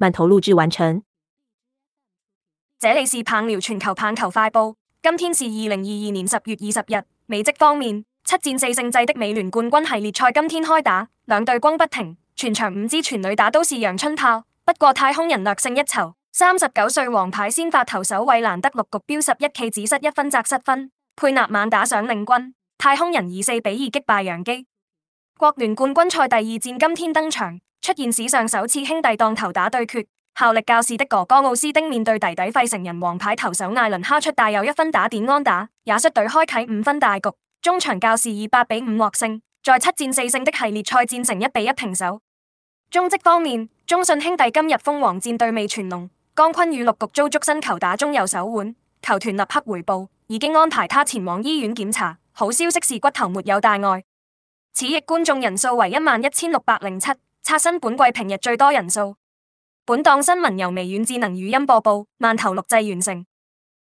滿頭錄製完成。這裏是棒聊全球棒球快報。今天是二零二二年十月二十日。美職方面，七戰四勝制的美聯冠軍系列賽今天開打，兩隊轟不停，全場五支全壘打都是陽春炮。不過太空人略勝一籌，三十九歲王牌先發投手韋蘭德六局飆十一 K 只失一分，責失分。佩納猛打賞領軍，太空人以四比二擊敗洋基。國聯冠軍賽第二戰今天登場。出現史上首次兄弟檔投打對決，效力教士的哥哥奧斯汀面對弟弟費城人王牌投手艾倫，敲出帶有一分打點安打，也率隊開啟五分大局，終場教士以八比五獲勝。在七戰四勝的系列賽戰成一比一平手。中職方面，中信兄弟今日封王戰對味全龍，江坤宇六局遭觸身球打中右手腕，球團立刻回報已經安排他前往醫院檢查。好消息是骨頭沒有大礙。此役觀眾人數為一萬一千六百零七。刷新本季平日最多人數。本檔新聞由微軟智能語音播報，萬頭錄製完成。